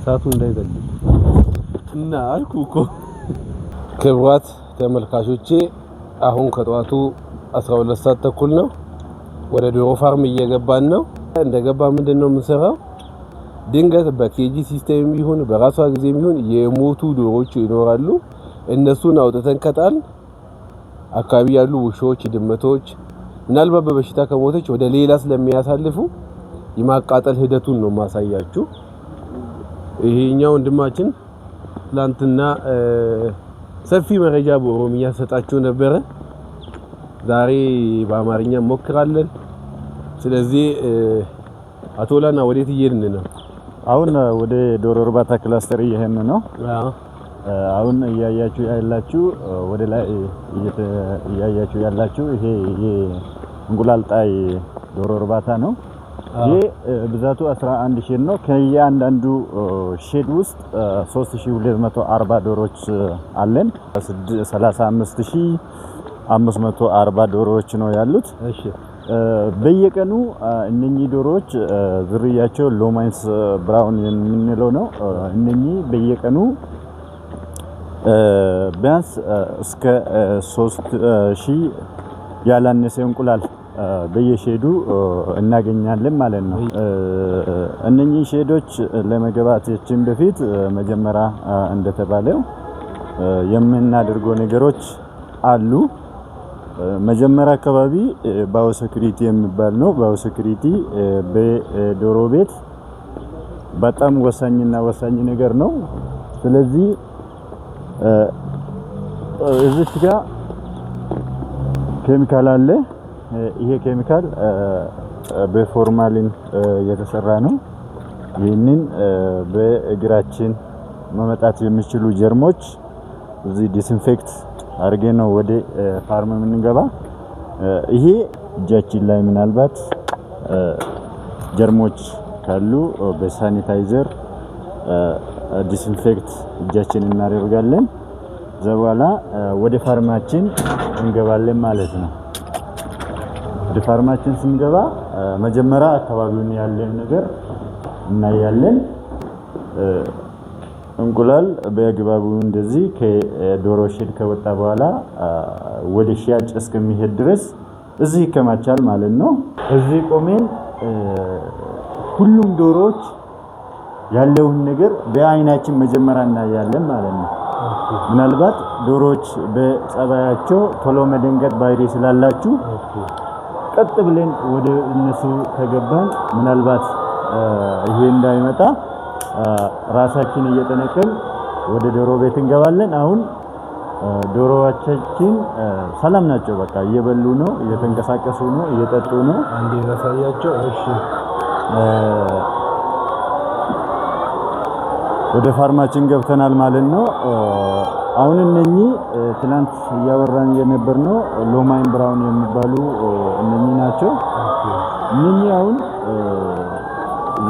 እሳቱ እንዳይበል እና አልኩ እኮ። ክብሯት ተመልካቾቼ አሁን ከጠዋቱ 12 ሰዓት ተኩል ነው። ወደ ዶሮ ፋርም እየገባን ነው። እንደገባ ምንድን ነው የምንሰራው? ድንገት በኬጂ ሲስተም ይሁን በራሷ ጊዜ ይሁን የሞቱ ዶሮዎች ይኖራሉ። እነሱን አውጥተን ከጣል አካባቢ ያሉ ውሾች፣ ድመቶች ምናልባት በበሽታ ከሞተች ወደ ሌላ ስለሚያሳልፉ የማቃጠል ሂደቱን ነው ማሳያችሁ። ይሄኛው ወንድማችን ትላንትና ሰፊ መረጃ በኦሮሚያ ሰጣችሁ ነበረ። ዛሬ በአማርኛ ሞክራለን። ስለዚህ አቶ ላና ወዴት እየሄድን ነው? አሁን ወደ ዶሮ እርባታ ክላስተር እየሄድን ነው። አሁን እያያችሁ ያላችሁ ወደ ላይ እያያችሁ ያላችሁ ይሄ የእንቁላል ጣይ ዶሮ እርባታ ነው። ይህ ብዛቱ 11 ሼድ ነው። ከእያንዳንዱ ሼድ ውስጥ 3240 ዶሮች አለን። 35540 ዶሮዎች ነው ያሉት። በየቀኑ እነኚህ ዶሮዎች ዝርያቸው ሎማይንስ ብራውን የምንለው ነው። እነኚህ በየቀኑ ቢያንስ እስከ 3000 ያላነሰ እንቁላል በየሼዱ እናገኛለን ማለት ነው። እነኚህ ሼዶች ለመግባታችን በፊት መጀመሪያ እንደተባለው የምናደርገው ነገሮች አሉ። መጀመሪያ አካባቢ ባዮሴኩሪቲ የሚባል ነው። ባዮሴኩሪቲ በዶሮ ቤት በጣም ወሳኝና ወሳኝ ነገር ነው። ስለዚህ እዚች ጋር ኬሚካል አለ። ይሄ ኬሚካል በፎርማሊን የተሰራ ነው። ይህንን በእግራችን መመጣት የሚችሉ ጀርሞች እዚህ ዲስንፌክት አድርጌ ነው ወደ ፋርም የምንገባ። ይሄ እጃችን ላይ ምናልባት ጀርሞች ካሉ በሳኒታይዘር ዲስንፌክት እጃችን እናደርጋለን። ዘበኋላ ወደ ፋርማችን እንገባለን ማለት ነው። ወደ ፋርማችን ስንገባ መጀመሪያ አካባቢውን ያለን ነገር እናያለን። እንቁላል በግባቡ እንደዚህ ከዶሮ ሼድ ከወጣ በኋላ ወደ ሽያጭ እስከሚሄድ ድረስ እዚህ ይከማቻል ማለት ነው። እዚህ ቆሜን ሁሉም ዶሮዎች ያለውን ነገር በአይናችን መጀመሪያ እናያለን ማለት ነው። ምናልባት ዶሮዎች በጸባያቸው ቶሎ መደንገጥ ባህሪ ስላላችሁ ቀጥ ብለን ወደ እነሱ ከገባን ምናልባት ይሄ እንዳይመጣ ራሳችን እየጠነቀን ወደ ዶሮ ቤት እንገባለን። አሁን ዶሮዎቻችን ሰላም ናቸው። በቃ እየበሉ ነው፣ እየተንቀሳቀሱ ነው፣ እየጠጡ ነው። አንዴ ላሳያቸው። እሺ፣ ወደ ፋርማችን ገብተናል ማለት ነው። አሁን እነኚህ ትናንት እያወራን የነበር ነው ሎማይን ብራውን የሚባሉ እነኚህ ናቸው። እነኚህ አሁን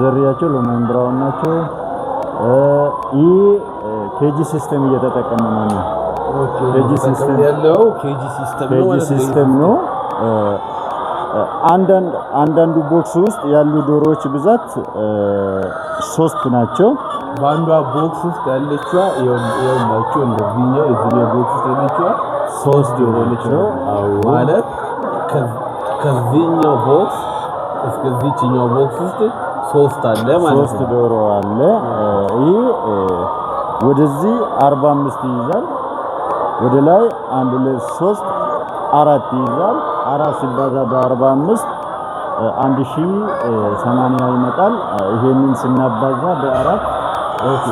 ዘርያቸው ሎማይን ብራውን ናቸው። ይህ ኬጂ ሲስተም እየተጠቀመ ነው። ኬጂ ሲስተም ነው። አንዳንዱ ቦክስ ውስጥ ያሉ ዶሮዎች ብዛት ሶስት ናቸው። በአንዷ ቦክስ ውስጥ ያለቿ ይኸውላችሁ፣ እንደዚህኛ የዚህኛ ቦክስ ውስጥ ያለቿ ሶስት ዶሮዎች ነው ማለት ከዚህኛው ቦክስ እስከዚህኛው ቦክስ ውስጥ ሶስት አለ ማለት ነው። ሶስት ዶሮ አለ። ይህ ወደዚህ 45 ይይዛል፣ ወደ ላይ አንድ ሁለት ሶስት አራት ይይዛል። አራት ሲባዛ በአርባ አምስት አንድ ሺ ሰማንያ ይመጣል። ይሄንን ስናባዛ በአራት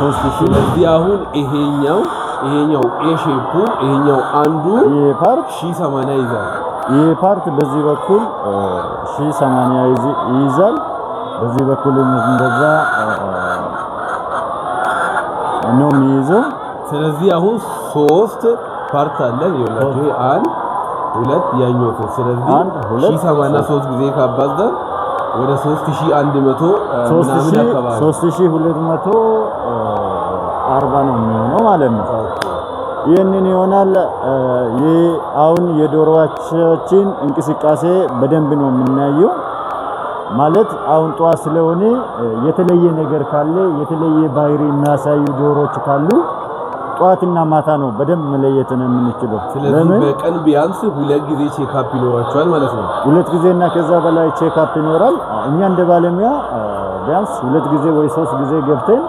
ሶስት ሺ ስለዚህ አሁን ይሄኛው ይሄኛው ኤሼፑ ይሄኛው አንዱ ፓርት ሺ ሰማንያ ይዛል። ይሄ ፓርክ በዚህ በኩል ሺ ሰማንያ ይይዛል። በዚህ በኩል እንደዛ ነው የሚይዘው። ስለዚህ አሁን ሶስት ፓርት አለን። ይኸውላችሁ አንድ ሁለት ያኛው ስለዚህ ሁለት ሰማንያ ሶስት ጊዜ ካባዛን ወደ ሶስት ሺህ አንድ መቶ ምናምን አካባቢ ሶስት ሁለት መቶ አርባ ነው የሚሆነው ማለት ነው። ይህንን ይሆናል። ይህ አሁን የዶሮዎቻችን እንቅስቃሴ በደንብ ነው የምናየው። ማለት አሁን ጠዋት ስለሆነ የተለየ ነገር ካለ የተለየ ባህሪ የሚያሳዩ ዶሮዎች ካሉ ጠዋትና ማታ ነው በደንብ መለየት ነው የምንችለው። ስለዚህ በቀን ቢያንስ ሁለት ጊዜ ቼክአፕ ይኖራቸዋል ማለት ነው። ሁለት ጊዜና ከዛ በላይ ቼክአፕ ይኖራል። እኛ እንደ ባለሙያ ቢያንስ ሁለት ጊዜ ወይ ሶስት ጊዜ ገብተን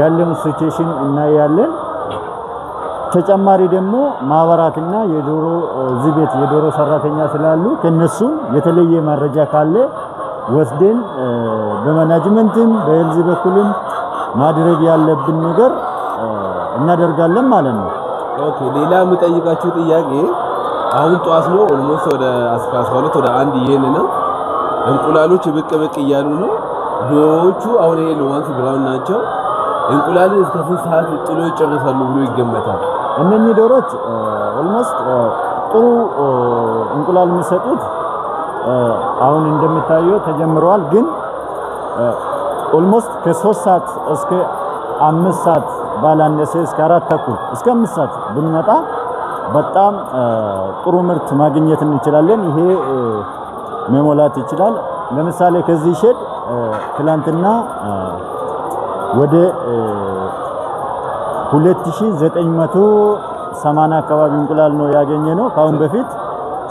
ያለውን ሲቹዌሽን እናያለን። ተጨማሪ ደግሞ ማህበራትና የዶሮ እዚህ ቤት የዶሮ ሰራተኛ ስላሉ ከነሱም የተለየ መረጃ ካለ ወስደን በማናጅመንትም በሄልዝ በኩልም ማድረግ ያለብን ነገር እናደርጋለን ማለት ነው። ኦኬ ሌላ የምጠይቃችሁ ጥያቄ አሁን ጠዋት ነው ኦልሞስት ወደ 12 ወደ አንድ ይሄን ነው እንቁላሎች ብቅ ብቅ እያሉ ነው ዶሮዎቹ። አሁን ይሄ ሎዋንስ ብራውን ናቸው። እንቁላል እስከ ስንት ሰዓት ጥሎ ይጨርሳሉ ብሎ ይገመታል? እነኚህ ዶሮች ኦልሞስት ጥሩ እንቁላል የሚሰጡት አሁን እንደምታየው ተጀምረዋል፣ ግን ኦልሞስት ከሶስት ሰዓት እስከ አምስት ሰዓት ባላነሰ እስከ አራት ተኩል እስከ አምስት ሰዓት ብንመጣ በጣም ጥሩ ምርት ማግኘት እንችላለን። ይሄ መሞላት ይችላል። ለምሳሌ ከዚህ ሼድ ትላንትና ወደ 2980 አካባቢ እንቁላል ነው ያገኘ ነው። ከአሁን በፊት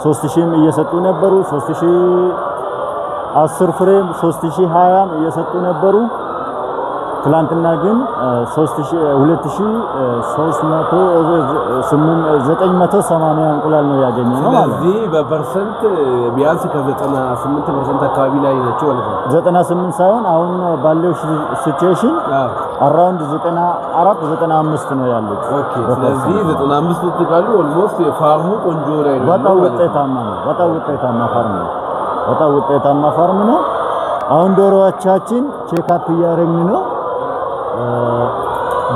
3000ም እየሰጡ ነበሩ። 3010 ፍሬም 3020ም እየሰጡ ነበሩ። ትላንትና ግን 2389 እንቁላል ነው ያገኘው ነው ማለት ነው። በፐርሰንት ቢያንስ ከ98 ፐርሰንት አካባቢ ላይ ናቸው ማለት ነው። 98 ሳይሆን አሁን ባለው ሲቹዌሽን አራውንድ 94 95 ነው ያሉት። ኦኬ። ስለዚህ 95 ትካሉ ኦልሞስት ፋርሙ ቆንጆ ላይ ነው። በጣም ውጤታማ ነው። በጣም ውጤታማ ፋርም ነው። በጣም ውጤታማ ፋርም ነው። አሁን ዶሮዎቻችን ቼክ አፕ እያደረግን ነው።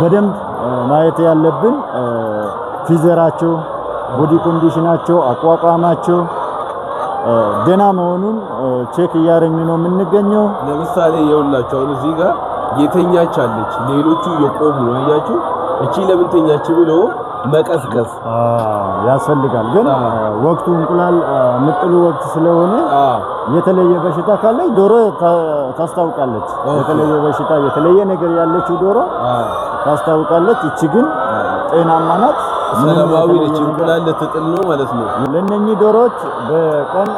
በደንብ ማየት ያለብን ፊዘራቸው፣ ቦዲ ኮንዲሽናቸው፣ አቋቋማቸው ደና መሆኑን ቼክ እያደረግን ነው የምንገኘው። ለምሳሌ የሁላችሁ አሁን እዚህ ጋር የተኛች አለች፣ ሌሎቹ የቆሙ ነው። አያችሁ እቺ ለምንተኛች ብሎ መቀዝቀዝ ያስፈልጋል። ግን ወቅቱ እንቁላል ምጥሉ ወቅት ስለሆነ የተለየ በሽታ ካለ ዶሮ ታስታውቃለች። የተለየ በሽታ የተለየ ነገር ያለችው ዶሮ ታስታውቃለች። እቺ ግን ጤናማ ናት። ሰላማዊ ነች። እንቁላል ልትጥል ነው ማለት ነው። ለእነኚህ ዶሮዎች በቀን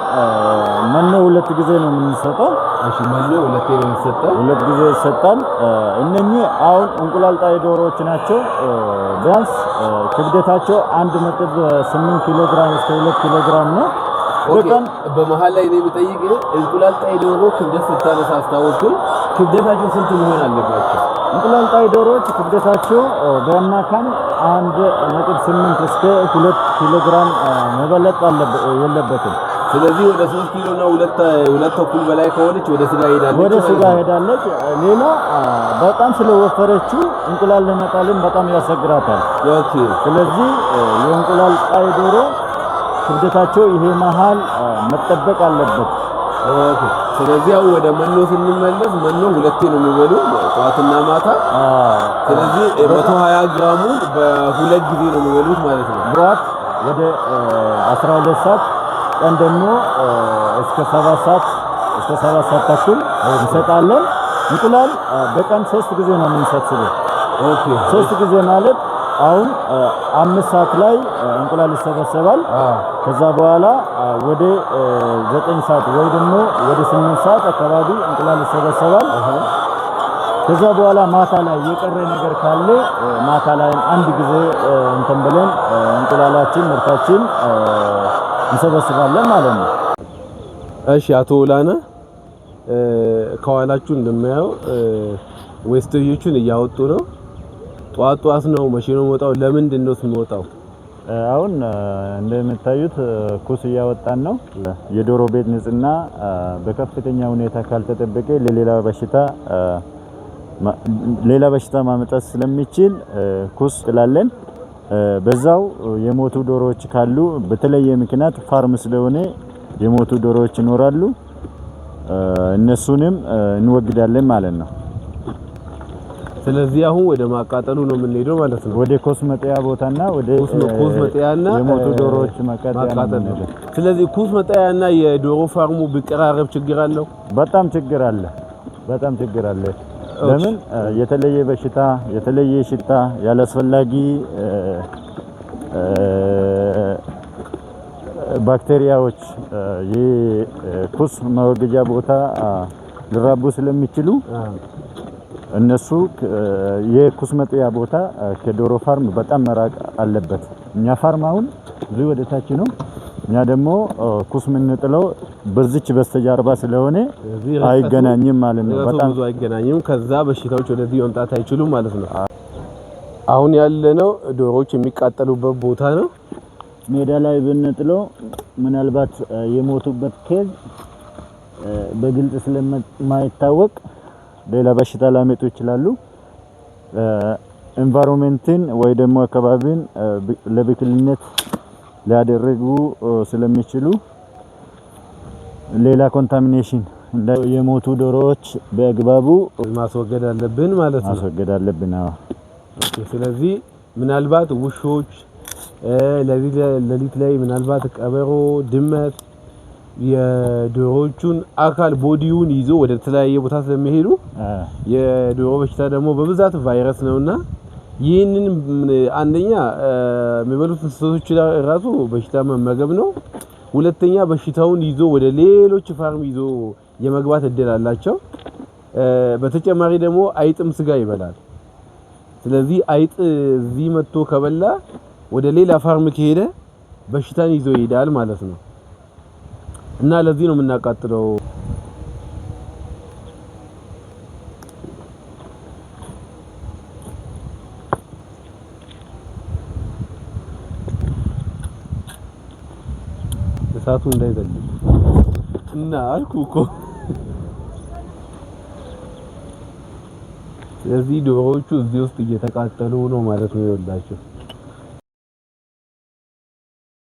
መኖ ሁለት ጊዜ ነው የምንሰጠው። እሺ፣ መኖ ሁለት ጊዜ ነው ሁለት ጊዜ ይሰጣል። እነኚህ አሁን እንቁላል ጣይ ዶሮዎች ናቸው። ቢያንስ ክብደታቸው 1.8 ኪሎ ግራም እስከ 2 ኪሎ ግራም ነው። በቀን በመሃል ላይ ነው የምጠይቅ እንቁላል ጣይ ዶሮ ክብደት ስታነሳ አስታወቅኩኝ። ክብደታቸው ስንት መሆን አለባቸው? ጣይ ዶሮዎች ክብደታቸው በአማካኝ አንድ ነጥብ ስምንት እስከ ሁለት ኪሎ ግራም መበለጥ የለበትም። ስለዚህ ወደ ሶስት ኪሎ እና ሁለት ተኩል በላይ ከሆነች ወደ ስጋ ሄዳለች ወደ ስጋ ሄዳለች። ሌላ በጣም ስለወፈረችው እንቁላል ለመጣልም በጣም ያሰግራታል ስለዚህ የእንቁላል ጣይ ዶሮ ክብደታቸው ይሄ መሀል መጠበቅ አለበት። ስለዚህ ስለዚያው ወደ መኖ ስንመለስ መኖ ሁለቴ ነው የሚበሉ ጠዋትና ማታ። ስለዚህ 120 ግራሙ በሁለት ጊዜ ነው የሚበሉት ማለት ነው። ጠዋት ወደ 12 ሰዓት፣ ቀን ደግሞ እስከ 7 ሰዓት እስከ 7 ሰዓት ተኩል እንሰጣለን። እንቁላል በቀን ሶስት ጊዜ ነው የምንሰጥስበው። ኦኬ ሶስት ጊዜ ማለት አሁን አምስት ሰዓት ላይ እንቁላል ይሰበሰባል። ከዛ በኋላ ወደ ዘጠኝ ሰዓት ወይ ደግሞ ወደ ስምንት ሰዓት አካባቢ እንቁላል ይሰበሰባል። ከዛ በኋላ ማታ ላይ የቀረ ነገር ካለ ማታ ላይ አንድ ጊዜ እንትን ብለን እንቁላላችን ምርታችን እንሰበስባለን ማለት ነው። እሺ፣ አቶ ውላነ ከኋላችሁ እንደማየው ዌስትዮቹን እያወጡ ነው። ጧት ጧት ነው መቼ ነው የምወጣው? ለምንድን ነው የምወጣው? አሁን እንደምታዩት ኩስ እያወጣን ነው። የዶሮ ቤት ንጽህና በከፍተኛ ሁኔታ ካልተጠበቀ ለሌላ በሽታ ሌላ በሽታ ማመጣት ስለሚችል ኩስ ጥላለን። በዛው የሞቱ ዶሮዎች ካሉ በተለየ ምክንያት ፋርም ስለሆነ የሞቱ ዶሮዎች ይኖራሉ። እነሱንም እንወግዳለን ማለት ነው። ስለዚህ አሁን ወደ ማቃጠሉ ነው የምንሄደው ማለት ነው። ወደ ኮስ መጥያ ቦታና ወደ ኮስ መጥያና የሞቱ ዶሮዎች ማቃጠል ነው። ስለዚህ ኩስ መጠያና የዶሮ ፋርሙ ቢቀራረብ ችግር አለው? በጣም ችግር አለ። በጣም ችግር አለ። ለምን የተለየ በሽታ፣ የተለየ ሽታ፣ ያላስፈላጊ ባክቴሪያዎች የኩስ መወገጃ ቦታ ሊራቡ ስለሚችሉ እነሱ የኩስመጥያ ቦታ ከዶሮ ፋርም በጣም መራቅ አለበት። እኛ ፋርም አሁን እዚህ ወደታች ነው። እኛ ደግሞ ኩስ የምንጥለው በዚች በስተጀርባ ስለሆነ አይገናኝም ማለት ነው። በጣም አይገናኝም። ከዛ በሽታዎች ወደዚህ መምጣት አይችሉም ማለት ነው። አሁን ያለነው ዶሮዎች የሚቃጠሉበት ቦታ ነው። ሜዳ ላይ ብንጥለው ምናልባት የሞቱበት ኬዝ በግልጽ ስለማይታወቅ ሌላ በሽታ ላመጡ ይችላሉ። ኤንቫይሮንሜንትን ወይ ደግሞ አካባቢን ለብክልነት ሊያደርጉ ስለሚችሉ ሌላ ኮንታሚኔሽን የሞቱ ዶሮዎች በአግባቡ ማስወገድ አለብን ማለት ነው። ማስወገድ አለብን። አዎ። ስለዚህ ምናልባት ውሾች ለሊት ላይ ምናልባት ቀበሮ፣ ድመት የዶሮዎቹን አካል ቦዲውን ይዞ ወደ ተለያየ ቦታ ስለሚሄዱ የዶሮ በሽታ ደግሞ በብዛት ቫይረስ ነውና ይህንን አንደኛ የሚበሉት እንስሳቶች ራሱ በሽታ መመገብ ነው። ሁለተኛ በሽታውን ይዞ ወደ ሌሎች ፋርም ይዞ የመግባት እድል አላቸው። በተጨማሪ ደግሞ አይጥም ስጋ ይበላል። ስለዚህ አይጥ እዚህ መጥቶ ከበላ ወደ ሌላ ፋርም ከሄደ በሽታን ይዞ ይሄዳል ማለት ነው። እና ለዚህ ነው የምናቃጥለው። እሳቱ እንዳይዘል እና አልኩ እኮ ስለዚህ ዶሮዎቹ እዚህ ውስጥ እየተቃጠሉ ነው ማለት ነው። ይወላችሁ